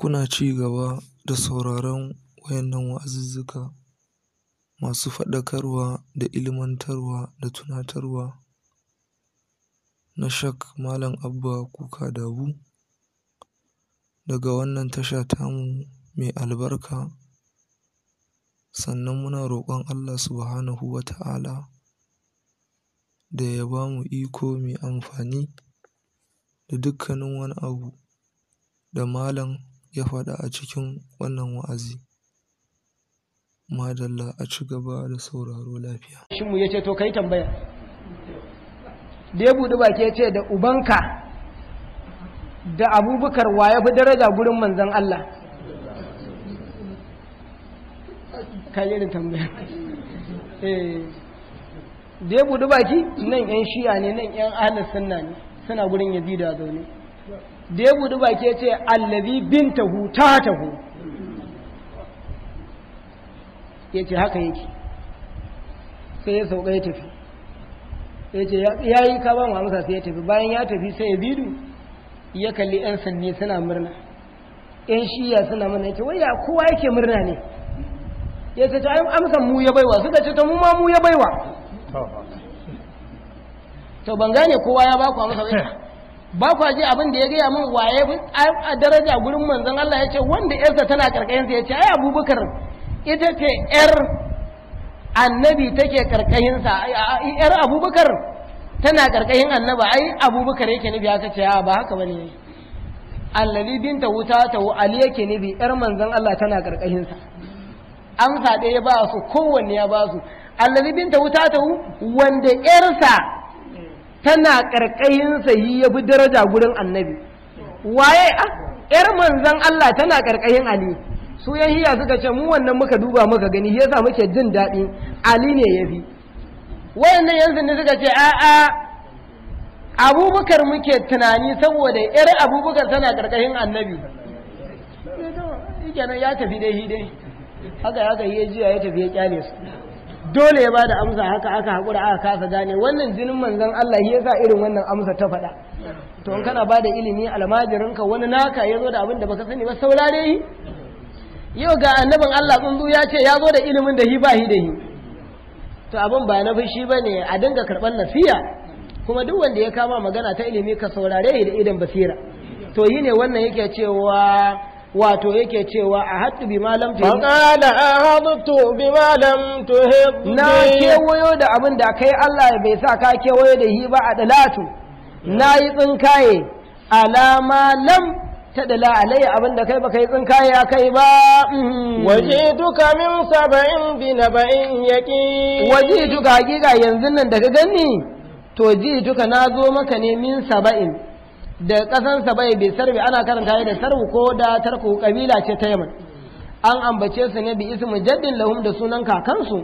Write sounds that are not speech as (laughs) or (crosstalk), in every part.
kuna ci gaba da sauraron wayannan wa'azuzzuka masu faɗakarwa da ilmantarwa da tunatarwa na Shak Malam Abba Kuka Dabu daga wannan tasha tamu mai albarka sannan muna roƙon Allah Subhanahu wa ta'ala da ya ba mu iko mai amfani da dukkanin wani abu da Malam ya faɗa a cikin wannan wa'azi. Madalla a ci gaba da sauraro lafiya. mu ya ce, To, ka yi tambaya. Da ya buɗi baki ya ce, Da ubanka da abubakar wa ya fi daraja gurin manzan Allah. Ka yi tambaya. Eh, da ya buɗi baki, nan ‘yan shi'a ne, nan ‘yan ahalar sunna ne, suna gurin da zaune. da ya budu baki ya ce allazi ta hu. ya ce haka yake sai ya sauka ya tafi ya ce ya yi kaba muhammasa sai ya tafi bayan ya tafi sai ya bidu ya kalli 'yan sanne suna murna 'yan shiya suna murna ya ce waya kowa yake murna ne ya ce ta amsan mu ya baiwa suka ce ta mu ma mu ya baiwa to ban gane kowa ya baku amsa wai (laughs) ba kwa ji abin da ya gaya min waye a daraja gurin manzon Allah ya ce wanda yarsa tana sa ya ce ai abubakar ita ce yar annabi take karkashinsa yar abubakar tana karkayin annaba ai abubakar yake nufi aka ce ba haka bane allali binta wuta ta ali yake nufi yar manzon Allah tana karkashinsa amsa ɗaya ba su kowanne ya ba su allali binta wuta ta wanda yarsa tana ƙarƙayinsa yi ya fi daraja gurin annabi waye a ah, ƴar manzan Allah tana ƙarƙayin Ali su yan hiya suka ce mu wannan muka duba muka gani yasa muke jin daɗi Ali ne ya fi wayannan yan ne suka ce a'a abubakar muke tunani saboda ƴar abubakar tana ƙarƙayin annabi ya tafi dai dai haka haka ya jiya ya tafi ya kyale su dole ya ba da amsa haka aka haƙura aka kasa gane wannan jinin manzan Allah ya sa irin wannan amsa ta faɗa to in kana ba da ilimi almajirinka wani naka ya zo da abin da baka sani ba saurare yi yau ga annabin Allah tsundu ya ce ya zo da ilimin da hi ba hi da hi to abin ba na fushi ba ne a dinga karɓar nasiya kuma duk wanda ya kama magana ta ilimi ka saurare da idan basira to yi ne wannan yake cewa wato yake cewa a hattu bi malam da faqala ahadtu bi malam tuhi na kewayo da abin da kai Allah bai sa ka kewayo da hi ba a dalatu na yi tsinkaye alama lam ta dala alayya abin da kai ba kai tsinkaye a kai ba mm. waje duka min saba'in bi naba'in yaki waje duka hakika yanzu nan da ka gani to ji duka na zo maka ne min saba'in da ƙasan bai bi sarbi ana karanta da sarbu ko da tarku kabila ce ta yaman an ambace su ne bi ismu jaddin lahum da sunan kakansu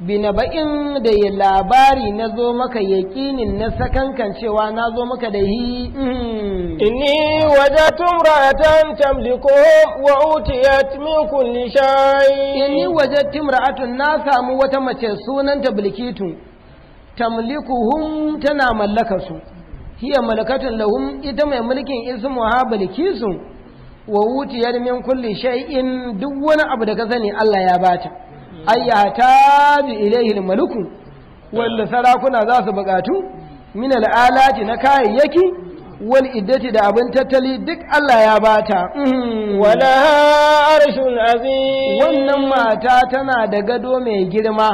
bi naba'in da ya labari na zo maka yaƙinin na sakankan cewa na zo maka da yi mm. inni wajatu ra'atan tamlikuhum wa utiyat min kulli shay inni wajatu imra'atun na samu wata mace sunanta tablikitu tamlikuhum tana mallaka su hiya malakatun lahum ita mai mulkin ismuha Kisu wa wutiyar min kulli shay'in duk wani abu da ka sani Allah ya bata ta bi ilayhi maluku wanda sarakuna za su bukatu min al'alati na kayayyaki wal iddati da abin tattali duk Allah ya bata mm. wala arshul azim wannan mata tana da gado mai girma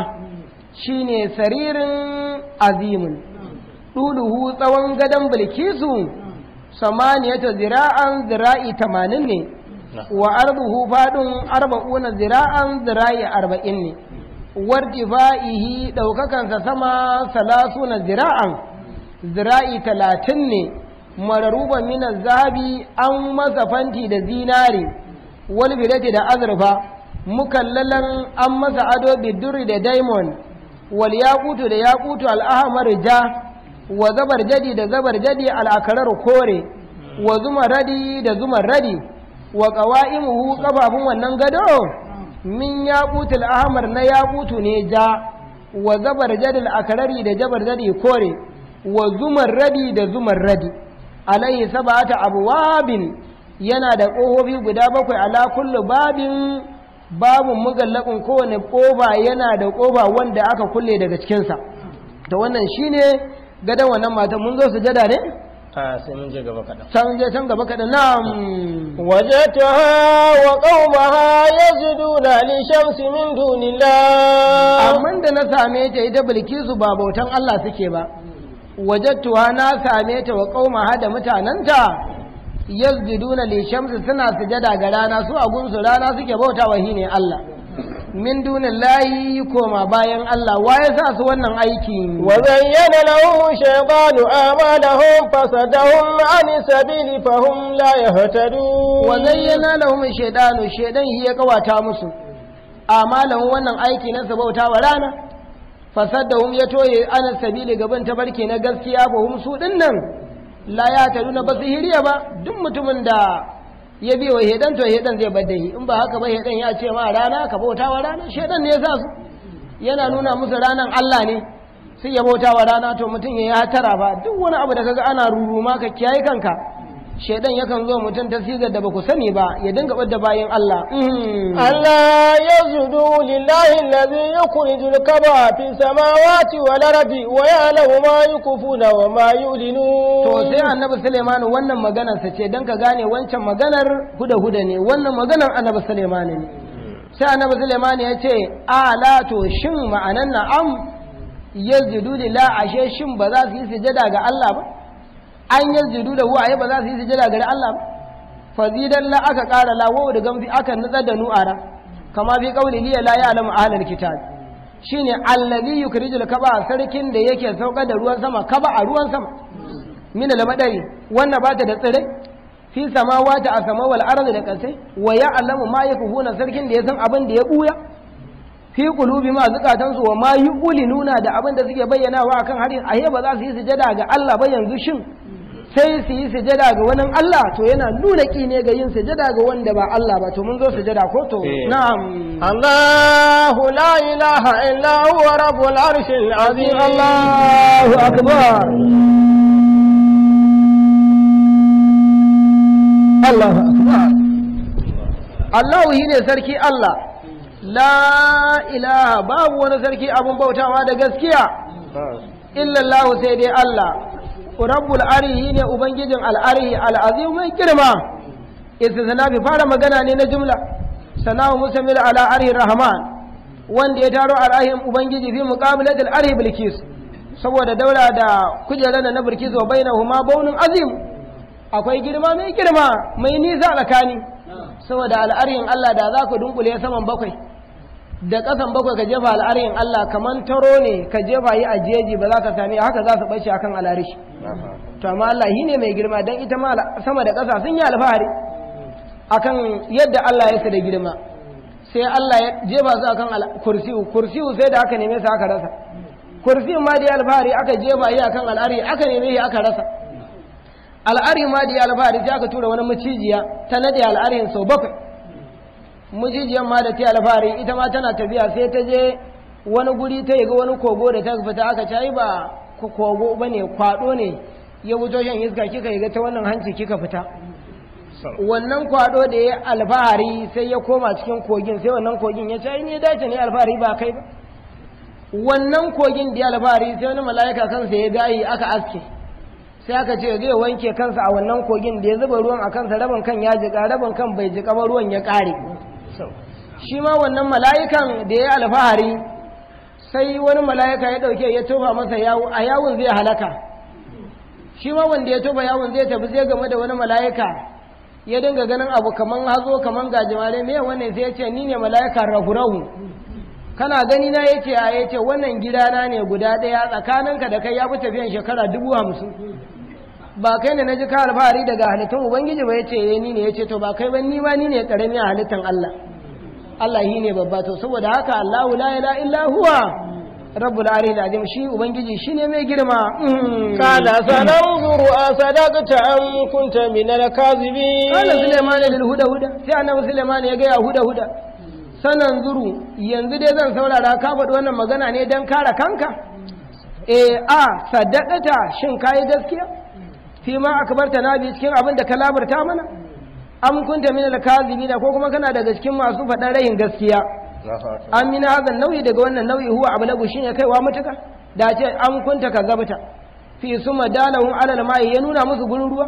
shine saririn azimun. ɗuluhu tsawon gadon bilkisu samaniyata zira'an zira'i tamanin ne wa arduhu faɗin arba'una zira'an zira'i arba'in ne wartifa'ihi ɗaukakansa sama salasuna zira'an zira'i talatin ne mararuba mina zabi an masa fanti da zinari walbilati da azurfa mukallalan an masa ado biduri da diamond wal yakutu da yakutu al'ahamar ja wa zabar jadi da zabar jadi al'akarar kore wa zuma radi da zuma radi wa ƙawa'imuhu ƙafafun wannan gado min yaƙutul al'amar na yaƙutu ne ja wa zabar jadi al'akarari da jabar jadi kore wa zuma radi da zuma radi ta sabata abwabin yana da ƙohobi guda bakwai ala kullu babin babun mugallakun kowane ƙoba yana da ƙoba wanda aka kulle daga cikinsa ta wannan shine gadon wannan matan mun zo sujada ne a sai mun je gaba kaɗan sai mun je can gaba kaɗan Waje ta wa ha qaumaha yasjuduna li shamsi min dunila. amman da na same ta ita bilkisu ba bautan Allah suke ba Waje tuwa na same ta wa ha da mutananta yasjuduna li shamsi suna sujada ga rana su a gunsu rana suke bauta wahi ne Allah min dunillahi koma bayan Allah wa ya sa su wannan aiki wa zayyana lahum shaytanu amalahum fasadahum an sabili fahum la yahtadun wa zayyana lahum shaytanu shaydan ya kawata musu amalahum wannan aiki na sabauta wa rana fasadahum ya toye an sabili gaban ta barke na gaskiya ba hum su dinnan la ya taduna ba sihiriya ba duk mutumin da ya biyo hedan to hedan zai bar da shi in ba haka ba hedan ya ce ma rana ka bauta wa rana shedan ne ya sa su yana nuna musu ranan Allah ne sai ya bauta wa rana to mutum ya tara ba duk wani abu da kaga ana ruru ma ka kiyaye kanka shaidan yakan zo mutum ta sigar da baku sani ba ya dinga bada bayan Allah hmm. Allah ya zudu lillahi allazi yukhriju al-kaba fi samawati wa larabi wa ya'lamu ma na wa ma yulinu to sai annabi Sulaiman wannan maganar sa ce don ka gane wancan maganar huda ne wannan maganar annabi Sulaiman ne sai annabi Sulaiman ya ce ala to shin ma'anan na'am zudu lillahi ashe shin ba za su yi sujada ga Allah ba an da da ayi ba za su yi sujada gare Allah ba fazidan la aka ƙara la wawu da gamfi aka nutsar da nu'ara kama fi qaulihi la ya'lamu ahlul kitab shine allazi yukrijul kaba sarkin da yake saukar da ruwan sama kaba a ruwan sama min al-madari wannan ba ta da tsire fi samawati a sama wal da kasai wa ya alamu ma yakfuna sarkin da ya san abin da ya buya fi qulubi ma zukatan su wa ma nuna da abin da suke bayyana bayyanawa akan harin ahe ba za su yi sujada ga Allah ba yanzu shin sai su yi sujada ga wani Allah to yana nuna ki ne ga yin sujada ga wanda ba Allah ba to mun zo sujada ko to eh. na'am Allahu la ilaha illa huwa rabbul arshil azim Allahu akbar Allahu akbar Allahu ne sarki Allah la ilaha babu wani sarki abun bautawa da gaskiya Illa Allahu sai dai Allah rabbul arihi ne ubangijin al'arihi al'azim mai girma istisna bi fara magana ne na jumla sanahu musamil ala arihi rahman wanda ya taro al'ahin ubangiji fi muqabilatil arihi bilkis saboda daura da da na bilkis wa bainahuma baunin azim akwai girma mai girma mai nisa tsakani saboda al'arihin Allah da za ku dunkule saman bakwai da ƙasan bakwai ka jefa al'arin Allah kaman taro ne ka jefa yi a jeji ba za ka sami haka za su ɓace akan al'arishi to amma Allah shi ne mai girma don ita ma sama da ƙasa sun yi alfahari akan yadda Allah ya da girma sai Allah ya jefa su akan kursi kursi sai da aka neme su aka rasa kursi ma da alfahari aka jefa yi akan al'ari aka neme shi aka rasa al'ari ma da alfahari sai aka tura wani macijiya ta nade al'arin sau bakwai mujijiyar ma da ta alfahari ita ma tana tafiya sai ta je wani guri ta yi ga wani kogo da ta fita aka cayi ba kogo ba ne kwado ne ya wuto shan iska kika yi ga ta wannan hanci kika fita wannan kwado da ya alfahari sai ya koma cikin kogin sai wannan kogin ya cayi ne dace ne alfahari ba kai ba wannan kogin da ya alfahari sai wani mala'ika kansa ya gayi aka aske sai aka ce zai wanke kansa a wannan kogin da ya zuba ruwan a kansa rabin kan ya jika rabin kan bai jika ba ruwan ya kare shi ma wannan mala'ikan da ya yi alfahari sai wani mala'ika ya dauke ya tofa masa yawo a yawon zai halaka shi ma wanda ya tofa yawon zai tafi zai game da wani mala'ika ya dinga ganin abu kaman hazo kaman gajimare me wannan sai ya ce ni ne mala'ikan rahurahu kana gani na ya ce a ya ce wannan gidana ne guda ɗaya tsakaninka da kai ya fi tafiyan shekara dubu hamsin ba kai ne na ji ka alfahari daga halittun ubangiji ba ya eh ni ne ce to ba kai ba ni ba ni ne karami a halittun Allah Allah shi ne babba to saboda haka Allahu la ila, illa huwa rabbul aril azim shi ubangiji shi ne mai girma kala mm. sananzuru asadaqta am kunta min al-kazibin kala sulaiman lil huda huda sai annabi sulaiman ya ga ya huda huda zuru, yanzu dai zan saurara ka faɗi wannan magana ne dan kare kanka eh a sadaqata shin kai gaskiya fi ma akbarta na bi cikin abin da ka labarta mana am kunta min al-kazibina ko kuma kana daga cikin masu faɗan rayin gaskiya amina hazan nauyi daga wannan nauyi huwa ablagu shine kaiwa mutuka da ce an kunta kazabta fi suma dalahum al ma'i ya nuna musu gurin ruwa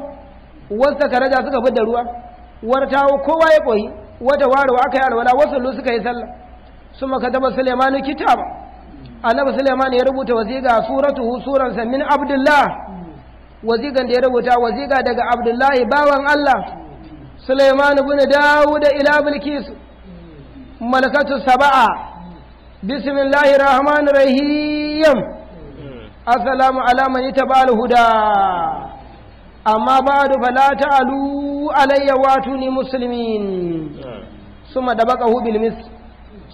wasta karaja suka fidda ruwa wartawo kowa ya koyi wata wa aka yi alwala lu suka yi sallah suma kataba sulaimanu kitaba annabi sulaiman ya rubuta wasiqa suratu suransa min abdullah wazigan da ya rubuta waziga daga abdullahi bawan allah suleiman bin dawud ila bilkis malakatu saba'a bismillahir rahmanir rahim السلام على huda. Amma الهدى أما بعد فلا تعلوا علي ,suma da baka دبقه بالمس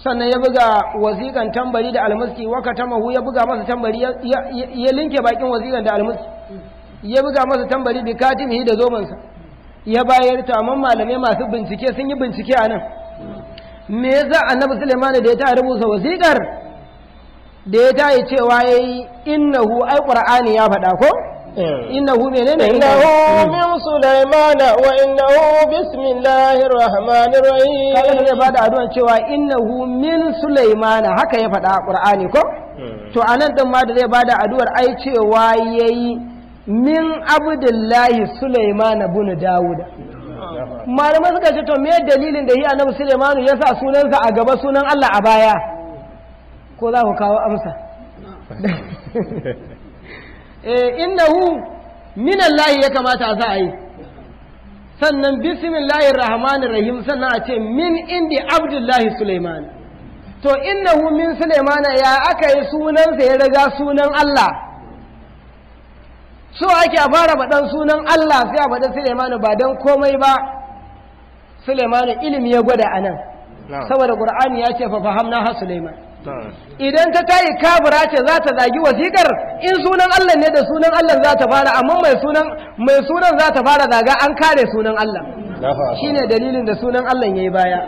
sannan ya buga wazikan tambari da almuski waka tamahu ya buga masa tambari ya linke bakin wazigan da almuski ya buga masa tambari bi katimihi da zomansa ya bayar ta amma malamai masu bincike sun yi bincike a nan me yasa annabi Sulaiman da ya ta rubuta wasiƙar da ya ta yi cewa yayi innahu ai qur'ani ya faɗa ko eh. innahu menene innahu hmm. min Sulaiman wa innahu bismillahir rahmanir rahim kaga da bada addu'a cewa innahu min Sulaiman haka ya faɗa qur'ani ko hmm. to anan din ma da zai bada addu'ar ai cewa yayi min abdullahi Sulaiman bin Dawuda malamai suka ce to me dalilin da yi annabi Sulaiman ya sa sunansa a gaba sunan Allah a baya ko za ku kawo amsa (laughs) eh innahu min allahi ya kamata za a yi sannan bismillahir rahmanir rahim sannan a ce min indi abdullahi Sulaiman to innahu min Sulaimana ya aka yi sunansa ya riga sunan Allah so ake a fara faɗan sunan Allah sai a faɗi Suleimanu ba don komai ba Suleimanu ilimi ya gwada a nan saboda ƙur'ani ya ce fa fahamna ha Suleiman idan ta tayi kabura ce za ta zagi wasikar in sunan Allah ne da sunan Allah za ta fara amma mai sunan mai sunan za ta fara zaga an kare sunan Allah shine dalilin da sunan Allah yayi baya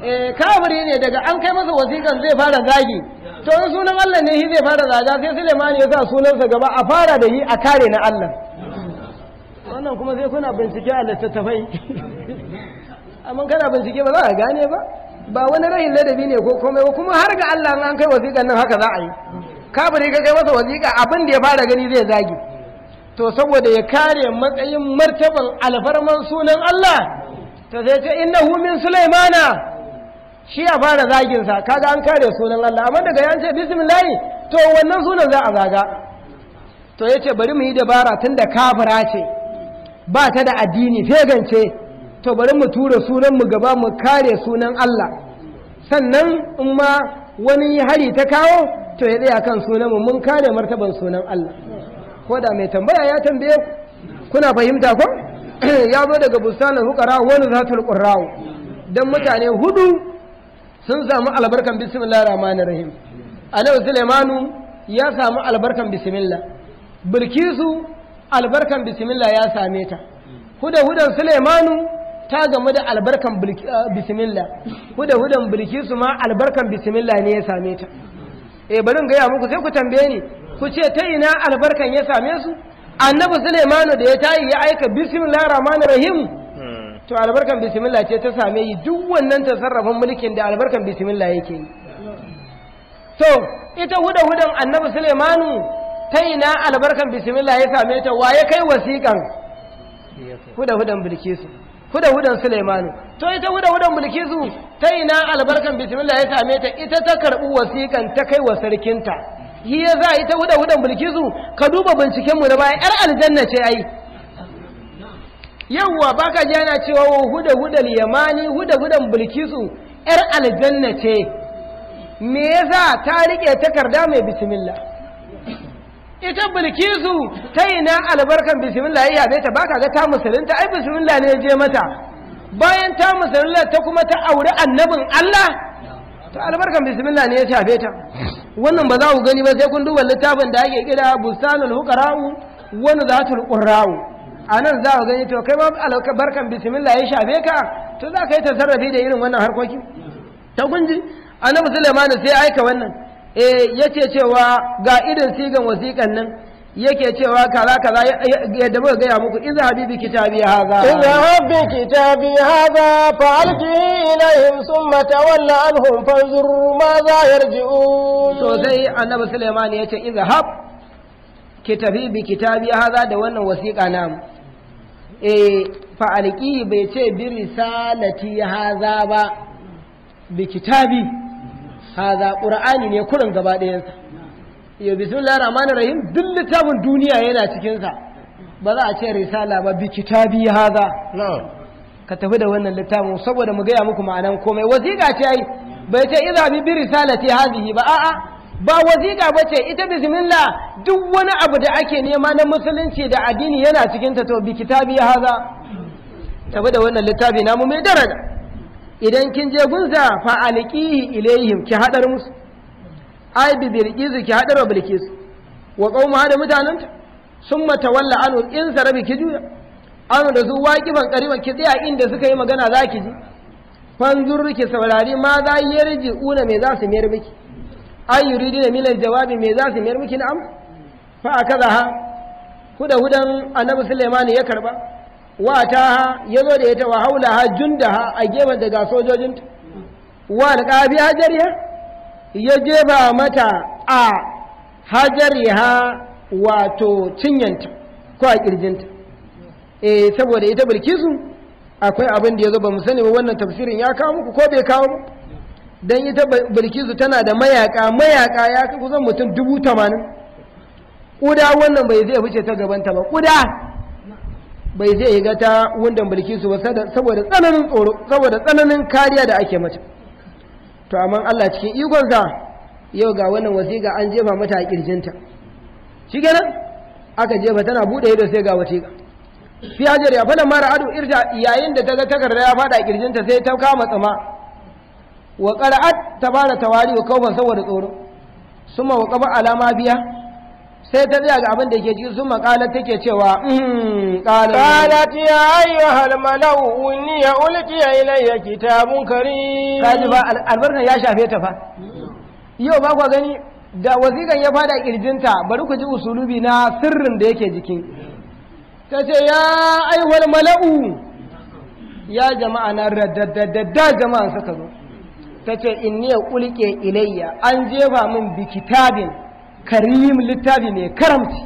eh kabiri ne daga an kai masa wasikar zai fara zagi to in sunan Allah ne shi zai fara zaga sai Suleiman ya sa sunansa gaba a fara da yi a kare na Allah wannan kuma sai kuna bincike a littattafai (laughs) amma kana bincike ba za a gane ba ba wani rahin ladabi ne ko komai ba kuma har ga Allah an kai wasiƙan nan haka za a yi kafiri ka kai masa wasiƙa abin da ya fara gani zai zagi to saboda ya kare matsayin martaban alfarman sunan Allah ta sai ce innahu min sulaimana shi ya fara zagin sa an kare sunan Allah amma daga yan ce bismillah to wannan sunan za a zaga to yace bari mu yi dabara tunda kafira ce ba ta da addini fegance to bari mu tura sunan mu gaba mu kare sunan Allah sannan in ma wani hari ta kawo to ya tsaya kan sunan mu mun kare martaban sunan Allah ko da mai tambaya ya tambaye kuna fahimta ko (clears throat) ya zo daga bustanin hukara wani zatul qurra'u dan mutane hudu sun samu albarkan bismillahir rahmanir rahim alayhi sulaimanu ya samu albarkan bismillah bilkisu albarkan bismillah ya same ta huda hudan sulaimanu ta gamu da albarkan eh, bismillah huda hudan bilkisu ma albarkan bismillah ne ya same ta eh barin gaya muku sai ku tambaye ni ku ce ta ina albarkan ya same su annabi sulaimanu da ya tayi ya aika bismillah rahman rahim hmm. to albarkan bismillah ce ta same yi duk wannan tasarrafin mulkin da albarkan bismillah yake yi to ita huda hudan annabi sulaimanu ta ina albarkan bismillah ya same ta wa ya kai wasiƙan huda hudan bilkisu huda hudan Sulaimanu to ita huda hudan Bilkisu ta ina albarkan bismillah ya same ta ita ta karɓi wasiƙan ta kai wa sarkinta yi ya za ita huda hudan Bilkisu ka duba bincikenmu da baya yar aljanna ce ai yawwa baka ji yana cewa huda hudan yamani huda hudan Bilkisu yar aljanna ce me yasa ta rike takarda mai bismillah ita bilkisu ta yi na albarkan bismillah ya zai ta baka ga ta musulunta ai bismillah ne je mata bayan ta musulunta ta kuma ta auri annabin Allah ta albarkan bismillah ne ya shafe ta wannan ba za ku gani ba sai kun duba littafin da ake kira bustanul za ta nuzatul qurra'u anan za ku gani to kai ma albarkan bismillah ya shafe ka to za ka yi sarrafi da irin wannan harkoki ta kunji annabi sulaiman sai aika wannan eh yake cewa ga irin sigan wasiƙan nan yake cewa kaza kaza yadda muka gaya muku in zahabi bi kitabi haza. in zahabi kitabi haza fa alqi ilaihim thumma tawalla anhum fanzur ma za yarji'un to sai annabi sulaiman yace in zahab kitabi bi kitabi haza da wannan wasiƙa na eh fa alqi bai ce bi risalati haza ba bi kitabi haza qur'ani ne kurin gaba ɗayansa ya bismillahir rahmanir rahim duk littafin duniya yana cikin sa ba za a ce risala ba bi kitabi haza ka tafi da wannan littafin saboda mu gaya muku ma'anan komai wasiƙa ce ai bai ce idza bi bi risalati hadhihi ba a'a ba wasiƙa ba ce ita bismillah duk wani abu da ake nema na musulunci da addini yana cikin ta to bi kitabi haza tafi da wannan littafi namu mai daraja idan kin je gunza fa alqihi ilaihim ki hadar musu ai bi birqizu ki hadar wa bilqis wa qawmu da mutanan summa tawalla anu in sarabi ki juya an da zuwa ban kariwa ki tsaya inda suka yi magana za ki ji fanzur ki saurari ma za yarji una me za su mayar miki an yuridu da milan jawabi me za su mayar miki na'am fa ha, huda hudan annabi sulaiman ya karba wa ta ya zo da ya tawa haula ha jun da ha, a gefen daga sojojinta wa ƙafi hajariya ya jefa mata a ha, wato cinyanta ko a ƙirjinta. eh saboda ita bilkisu akwai abin da ya zo ba mu sani ba wannan tafsirin ya kawo muku ko bai kawo don ita bilkisu tana da mayaka mayaka ya kusan mutum dubu tamanin ƙuda wannan bai zai fice ta gabanta ba ƙuda bai zai yi ta wundan bilkisu ba saboda tsananin tsoro saboda tsananin kariya da ake mata to amma Allah cikin sa yau ga wannan wasiƙa an jefa mata a kirjinta shi kenan aka jefa tana buɗe ido sai ga wasiƙa fi hajar ya fada mara adu irja yayin da ta ga takarda ya faɗa a kirjinta sai ta kama tsama wa qara'at ta tawali tawari wa kaufa saboda tsoro suma wa qaba alama biya sai ta tsaya ga abin da ke cikin sun makalar take cewa uhm, qalat ya ayyuhal malau wani ya ulqiya ilayya kitabun karim kaji ba albarkan ya shafe ta fa yau ba kwa gani da wazikan ya fada kirjinta bari ku ji usulubi na sirrin da yake jikin ta ce ya ayyuhal malau ya jama'a na raddaddadda jama'a suka zo ta ce inni ya ulqiya ilayya an jefa min bi kitabin karim littafi mai karamci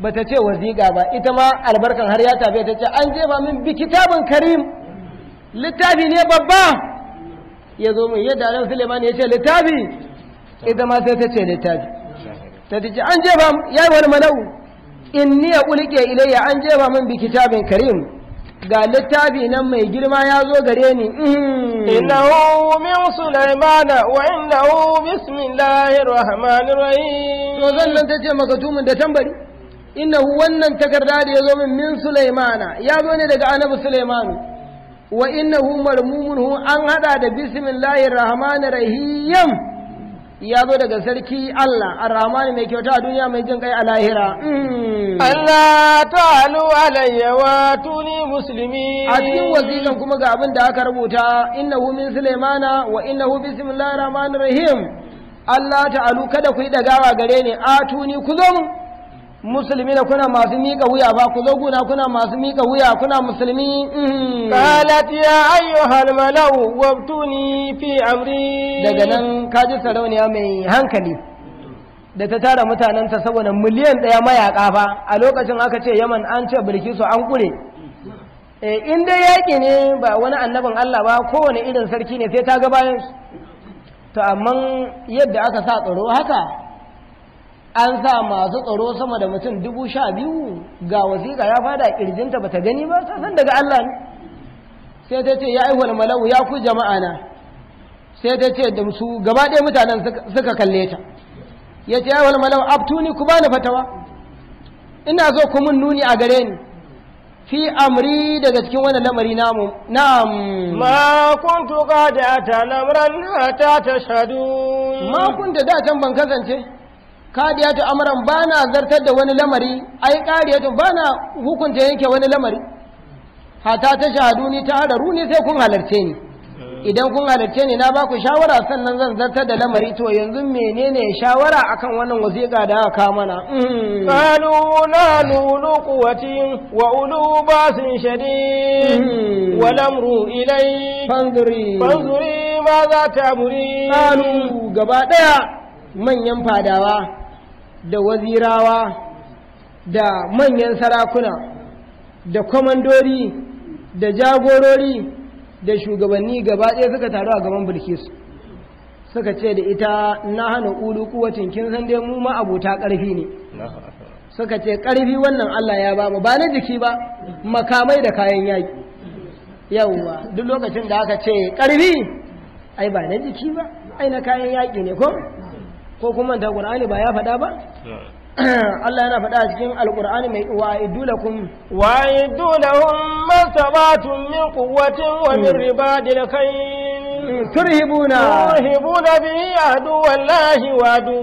ba ta ce waziga ba ita ma albarkan har ya tafi ta ce an jefa min bi kitabin karim littafi ne babba ya zo mai yadda ran Suleiman ya ce littafi ita ma sai ta ce littafi ta ce an jefa yi wani malau ni ya ulike ilayya an jefa min bi kitabin karim ga littafi nan mai girma ya zo gare ni hmm. innahu min sulaimana wa innahu bismillahir rahmanir rahim to zan nan tace maka tumin da tambari innahu wannan takarda da ya zo min min sulaimana ya zo ne daga annabi sulaimanu wa innahu marmumun an hada da bismillahir rahmanir rahim ya zo daga sarki Allah arrahmani mai kyauta a duniya mai jin kai a lahira hmm. Allah ta'alu alayya wa tuni muslimi a cikin wasiƙan kuma ga abin da aka rubuta innahu min sulaimana wa innahu bismillahir rahmanir rahim Allah ta'alu kada ku yi dagawa gare ni atuni ku zo musulmi na kuna masu miƙa wuya ba ku zo guna kuna masu miƙa wuya kuna musulmi mm-hmm. qalat ya ayyuhal malau wabtuni fi amri daga nan kaji sarauniya mai hankali da ta tara mutanen ta saboda miliyan ɗaya mayaƙa fa a lokacin aka ce yaman an ce bilkisu an ƙure eh, in dai yaƙi ne ba wani annabin allah ba kowane irin sarki ne sai ta ga bayan to amma yadda aka sa tsaro haka an sa masu tsaro sama da mutum dubu sha biyu ga wasiƙa ya fada ƙirjinta ba ta gani ba ta san daga Allah ne sai ta ce ya aihuwal malau ya ku jama'a na sai ta ce da su gaba ɗaya mutanen suka kalle ta ya ce ya aihuwal malau ni ku bani fatawa ina zo ku mun nuni a gare ni fi amri daga cikin wani lamari namu na'am ma kuntu qad atalamran hatta tashhadu ma kunta da can ban kasance kadiyatu amran bana zartar da wani lamari ai kadiyatu bana hukunta yanke wani lamari hata ta shahadu ni ta hararu ne sai kun halarce ni idan kun halarce ni na baku shawara sannan zan zartar da lamari to yanzu menene shawara akan wannan wasiƙa da aka kawo mana qalu la nulu wa ulu basin shadid mm. wal amru ma za ta muri qalu gaba daya manyan fadawa da wazirawa da manyan sarakuna da kwamandori da jagorori da shugabanni gaba ɗaya suka taru a gaban bilkisu suka ce da ita na hana ulu kuwacin kin san dai mu ma ƙarfi ne suka ce ƙarfi wannan Allah ya ba mu ba na jiki ba makamai da kayan yaƙi yauwa duk lokacin da aka ce ƙarfi ai ba na jiki ba ai na kayan yaƙi ne ko ko kuma da qur'ani ba ya faɗa ba Allah yana faɗa a cikin alƙur'ani mai wa idulakum wa idulahum masabatun min quwwatin wa min hmm. ribadil khayl turhibuna turhibuna bihi adu wallahi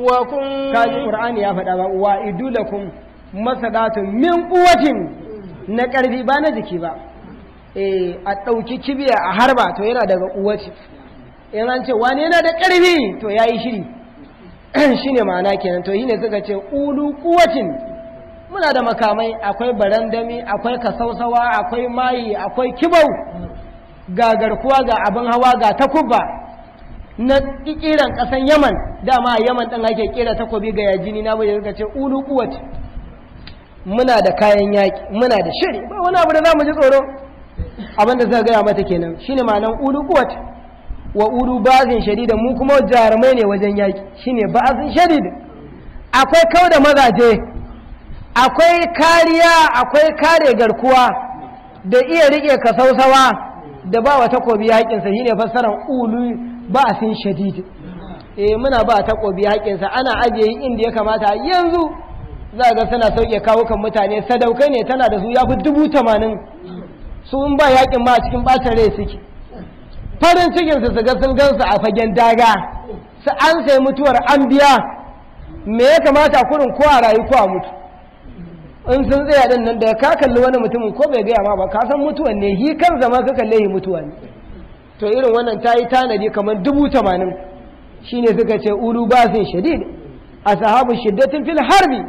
wa kun. kaji qur'ani ya faɗa ba wa idulakum masabatun min quwwatin na ƙarfi ba na jiki ba eh a ɗauki kibiya a harba to yana daga quwwati in an ce wani yana da ƙarfi to yayi shiri (clears throat) Shi ne ma'ana kenan to ne suka ce ulu kuwacin muna da makamai akwai barandami akwai kasausawa akwai mayi akwai kibau ga garkuwa ga abin hawa ga takuba na kiran kasan yaman dama yaman ɗan ake kira takobi ga yajini na bai suka ce ulu kuwacin muna da kayan yaƙi muna da shiri ba wani abu da za mu ji tsoro abin da zai gaya mata kenan ne ma'anan ulu kuwacin wa uru ba'azin shadida mu kuma jarumai ne wajen yaki shine ba'azin shadida akwai kau da mazaje akwai kariya akwai kare garkuwa da iya rike kasausawa da ba wa takobi haƙinsa shine fassarar ulu ba'asin shadida eh muna ba takobi haƙinsa ana ajiye inda ya kamata yanzu za ga suna sauke kawo kan mutane sadaukai ne tana da su ya fi dubu tamanin su in ba yakin ma a cikin ɓacin rai suke farin cikin su ga sun gansu a fagen daga su an sai mutuwar an biya me ya kamata a kurin ko a rayu ko a mutu in sun tsaya din nan da ka kalli wani mutumin ko bai gaya ma ba ka san mutuwan ne hi kan zama ka kalle hi mutuwa ne to irin wannan ta yi tanadi kamar dubu tamanin shine suka ce ulu basin shadid ashabu shiddatin fil harbi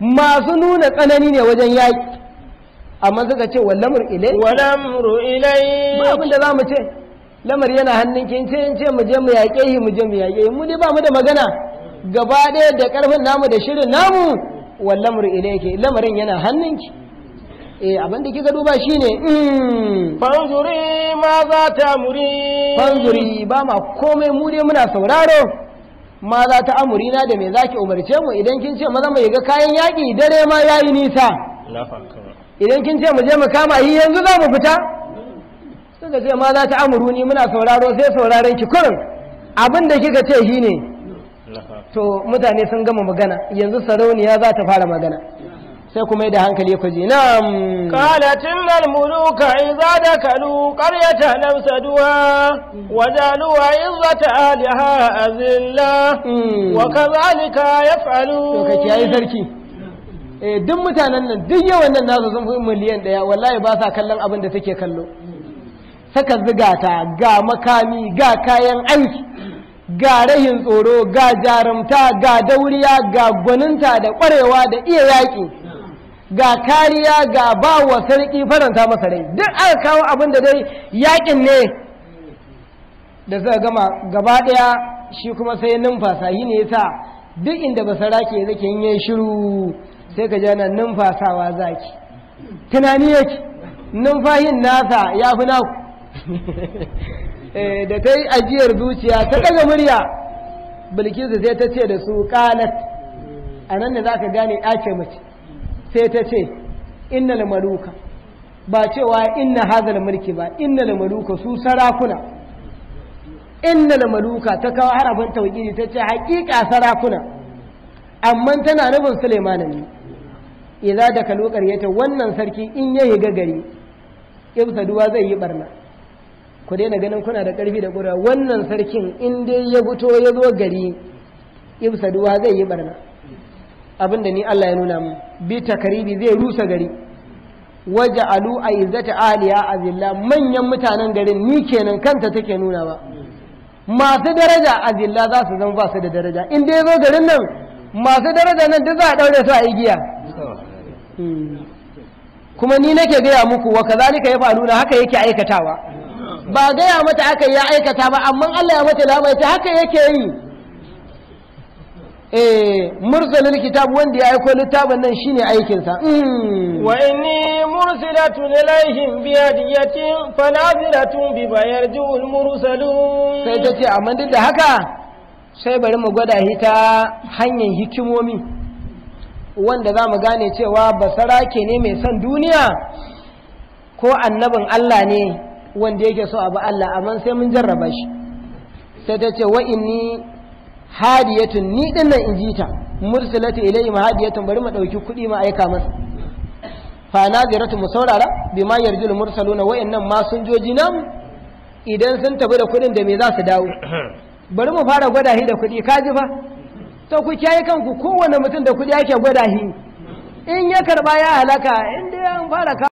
masu nuna tsanani ne wajen yaƙi amma suka ce wallamur ilai wallamur ilai ba abin da za mu ce lamar yana hannun kin ce in ce mu je mu yaƙe shi mu je mu yaƙe mu ne ba mu da magana gaba ɗaya da ƙarfin namu da shirin namu wal lamar ke. lamarin yana hannunki eh abin da kika duba shine hmm. fanzuri ma za ta muri fanzuri ba ma komai mu ne muna sauraro ma za ta na da me zaki umarce mu idan kin ce maza mai ga kayan yaƙi dare ma yayi nisa idan kin ce mu je mu kama yi yanzu za mu fita suka ce ma za ta amuru ni muna sauraro sai sauraron ki kurin abin da kika ce shi ne to mutane sun gama magana yanzu sarauniya za ta fara magana sai kuma yi da hankali ku ji na'am qalatin al muluka idza dakalu qaryatan amsaduha wa ta izzata ahliha azilla hmm. wa kadhalika yaf'alu to kace yayi sarki eh duk mutanen nan duk yawan nan nazo sun fi miliyan daya wallahi ba sa kallon abin da take kallo saka zigata ga makami ga kayan aiki ga rahin tsoro ga jarumta ga dauriya ga gwaninta da kwarewa da iya yaƙi ga kariya ga ba wa sarki faranta masa rai duk aka kawo abin da dai yaƙin ne da suka gama gaba ɗaya shi kuma sai numfasa yi ne sa duk inda ba sarake zake yin shiru sai ka jana numfasawa zaki tunani yake numfahin nasa ya fi naku Eh, da ta yi ajiyar zuciya ta ɗaga murya bilkisu sai ta ce da su kalat a nan da za ka gane ɗace mace sai ta ce inna lamaruka ba cewa inna da mulki ba inna lamaruka su sarakuna inna lamaruka ta kawo harafin tawakili ta ce haƙiƙa sarakuna amma tana nufin suleimanin ne za da kalokar yata wannan sarki in ya gagari gari ibsaduwa zai yi barna ku daina ganin kuna da ƙarfi da ƙura wannan sarkin in dai ya fito ya zo gari ibsaduwa zai yi barna abin da ni Allah ya nuna mu bi takaribi zai rusa gari waje alu a izzata aliya azilla manyan mutanen garin ni kenan kanta take nuna ba masu daraja azilla za su zama ba da daraja in dai ya zo garin nan masu daraja nan duk za a daure su a igiya hmm. kuma ni nake gaya muku wa kazalika ya faru na haka yake aikatawa ba gaya mata aka ya aikata ba amma Allah ya mata ta haka yake yi eh mursalul kitab wanda ya aiko littafin nan shine aikinsa. sa hmm. wa inni mursilatu ilaihim bi hadiyatin fanaziratun bi bayarjul mursalun sai ta ce amma duk da haka sai bari mu gwada ta hanyar hikimomi wanda za mu gane cewa basara ke ne mai son duniya ko annabin Allah ne wanda yake so abu Allah amma sai mun jarraba shi sai ta ce wa inni hadiyatun ni dinnan in ji ta mursalatu ilayhi hadiyatun bari mu dauki kuɗi mu aika masa fa naziratu mu saurara bima yarjul mursaluna wa'annan masunjoji nan idan sun tafi da kuɗin da me za su dawo bari mu fara gwada shi da kuɗi ka ji fa to ku kiyaye kanku kowane mutum da kuɗi ake gwada shi in ya karba ya halaka in dai an fara ka